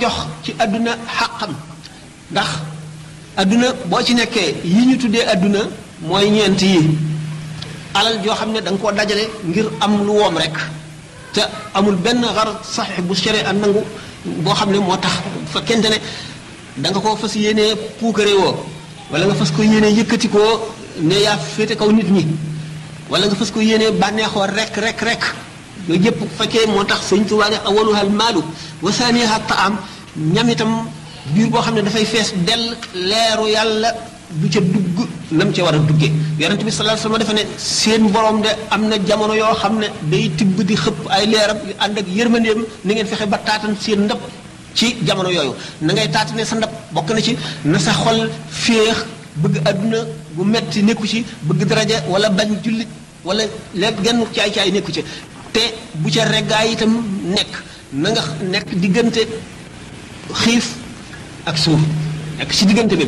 jox ci àdduna xàqam ndax àdduna boo ci nekkee yi ñu tuddee àdduna mooy ñeent yi alal joo xam ne da nga koo dajale ngir am lu woom rek te amul benn xar sax bu chéré a nangu boo xam ne moo tax fekkente ne danga nga koo fas yéenee puukare woo wala nga fas ko yéenee yëkkati koo ne yaa féete kaw nit ñi wala nga fas ko yéenee bànneexoo rek rek rek yooyu yëpp fekkee moo tax sëñ Tuubaa ne awaluha al maalu wa saaniha taam ñam itam biir boo xam ne dafay fees dell leeru yàlla bu ca dugg nam ca war a duggee yonent bi sallallahu alayhi wasallam defe ne seen borom de am na jamono yoo xam ne day tibb di xëpp ay leeram yu ànd ak yërmandeem ni ngeen fexe ba taatan seen ndab ci jamono yooyu na ngay taatane sa ndab bokk na ci na sa xol féex bëgg àdduna bu metti nekku ci bëgg daraja wala bañ jullit wala leen genn caay-caay nekku ci te bu ca reggaay itam nekk na nekk diggante xiif ak suur nekk si diggante bi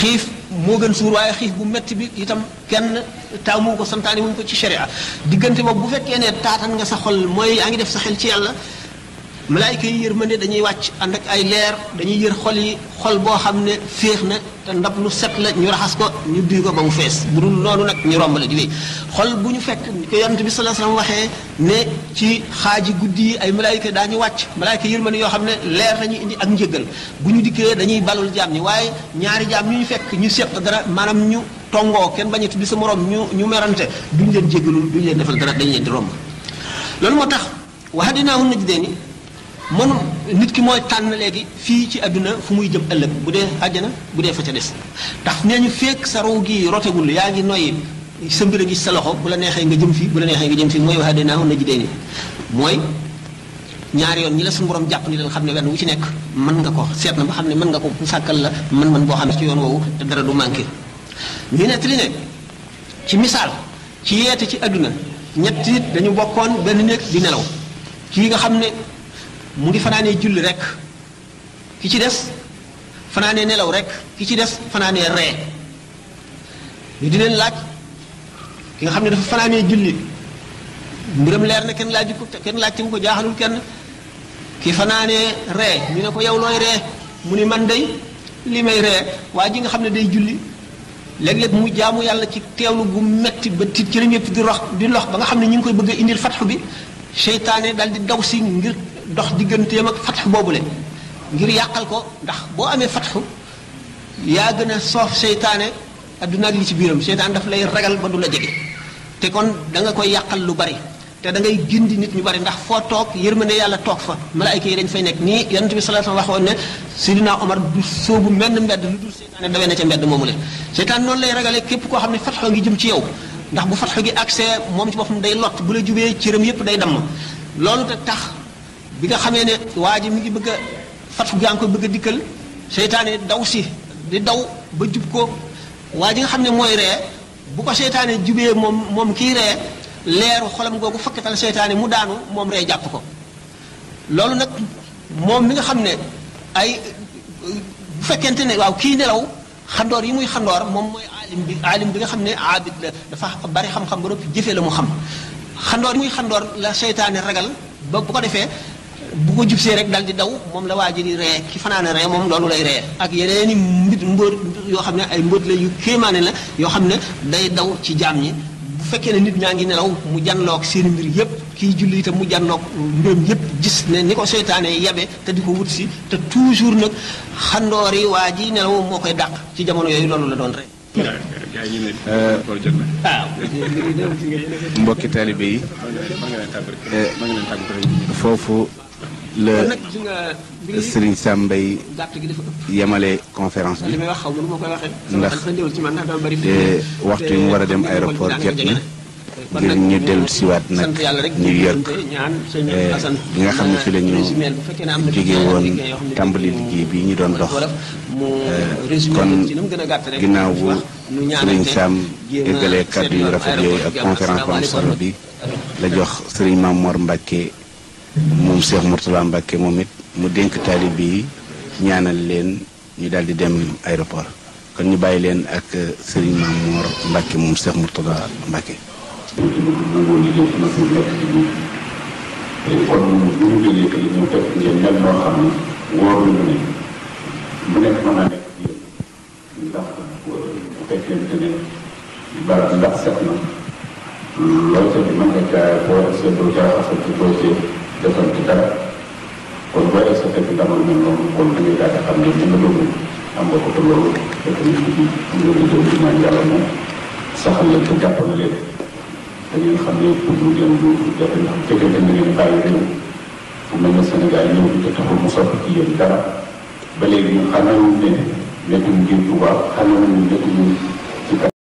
xiif moo gën suur waaye xiif bu metti bi itam kenn taamu ko santaani moom ko ci sharia diggante boobu bu fekkee ne taatan nga sa xol mooy yaa ngi def sa xel ci yàlla malaayika yi yërmande dañuy wàcc ànd ak ay leer dañuy yër xol yi xol boo xam ne féex na te ndab lu set la ñu raxas ko ñu duy ko ba mu fees bu dul noonu nag ñu romb di wéy xol bu ñu fekk ko yonent bi sallallahu alayhi wasallam waxee ne ci xaaji guddi yi ay malaayika daañu wàcc malaayika yërmande yoo xam ne leer nañu indi ak njëgal bu ñu dikkee dañuy balul jaam ñi waaye ñaari jaam ñu ñu fekk ñu seq dara maanaam ñu tongoo kenn bañati bi sa morom ñu ñu merante duñ leen jégalul duñ leen defal dara dañ leen di romb loolu moo tax wax dinaa mun na ji mënu nit ki mooy tànn léegi fii ci àdduna fu muy jëm ëllëg bu dee àjjana bu dee fa ca des ndax nee ñu fekk sa row gi rotegul yaa ngi noyyi sa mbir a gis sa loxo bu la neexee nga jëm fii bu la neexee nga jëm fii mooy waxee dinaa na ji dee ni mooy ñaari yoon ñi la suñu borom jàpp ni leen xam ne wenn wu ci nekk mën nga ko seet na ba xam ne mën nga ko bu sàkkal la mën-mën boo xam ne ci yoon woowu te dara du manqué ñu nettali ne ci misaal ci yeete ci àdduna ñett nit dañu bokkoon benn néeg di nelaw mu ngi fanaanee julli rek ki ci des fanaanee nelaw rek ki ci des fanaanee ree ñu di laaj ki nga xam ne dafa fanaanee julli mbiram leer na kenn laaj ko kenn laaj mu ko jaaxalul kenn ki fanaanee ree ñu ne ko yow looy ree mu ne man day li may ree waa ji nga xam ne day julli léeg-léeg mu jaamu yàlla ci teewlu gu metti ba tiit ci la ñëpp di rox di lox ba nga xam ne ñu ngi koy bëgg indil fatxu bi seytaane dal di daw si ngir dox digganteem ak fatx boobule ngir yàqal ko ndax boo amee fatxu yaa gën a soof seytaane adduna ak li ci biiram seytaan daf lay ragal ba du la jege te kon da nga koy yàqal lu bari te da ngay gindi nit ñu bari ndax foo toog yërmande yàlla toog fa malaayka yi dañ fay nekk nii yonent bi sallallahu alayhi wasallam waxoon ne Sidina Omar du sóobu menn mbedd lu dul seytaane dawee na ca mbedd moomu le seytaan noonu lay ragale képp koo xam ne fatxo ngi jëm ci yow ndax bu fatxo gi accès moom ci boppam day lot bu la jubee cëram yépp day damm loolu te tax bi nga xamee ne waa ji mi ngi bëgg a fatku gaa ngi ko bëgg a dikkal seytaane daw si di daw ba jub ko waa ji nga xam ne mooy ree bu ko seytaane jubee moom moom kii ree leeru xolam googu fakkatal seytaane mu daanu moom ree jàpp ko loolu nag moom mi nga xam ne ay bu fekkente ne waaw kii nelaw xandoor yi muy xandoor moom mooy aalim bi aalim bi nga xam ne aabid la dafa bari xam-xam ba noppi jëfee la mu xam xandoor yi muy xandoor la seytaane ragal ba bu ko defee bu ko jubsee rek dal di daw moom la waa ji di ree ki fanaane ree moom loolu lay ree ak yeneen i mbir mbóot yoo xam ne ay mbóot la yu kéemaane la yoo xam ne day daw ci jaam ñi bu fekkee ne nit ñaa ngi nelaw mu janloog seen mbir yépp ki julli itam mu janloog mbiram yépp gis ne ni ko seytaane yabe te di ko wut si te toujours nag xandoor yi waa ji nelaw moo koy dàq ci jamono yooyu loolu la doon ree mbokki taalibe yi foofu la Serigne Sam Mbaye yamale conférence bi ndax waxtu yi mu war a dem aéroport jot na ngir ñu dellu siwaat nag New York eh, bi nga xam ne fi la ñu jóge woon tàmbali liggéey bi ñu doon dox eh, kon ginnaaw bu Serigne Sam éggalee kàddu yu rafet yooyu ak conférence bu solo bi la jox sëriñ Mame Mor moom Cheikh Mourtala Mbacke moom it mu dénk taalibe yi ñaanal leen ñu daldi di dem aéroport kon ñu bàyyi leen ak euh, Serigne Mamour Mbacke moom Cheikh Mourtala Mbacke. kon defal ci dara kon booyee sa fekk damal na loolu kon da ngay daal a xam ne li nga doon am ko te loolu fekk na nit ñi am nga moom saxal la te jàppal leen da ngeen xam ne pour mu fu mel ne Sénégal ñëw bi te taxul mu soppi dara ba léegi ñu xanaa ne nekkuñ ngir tubaab xanaa ne nekkuñ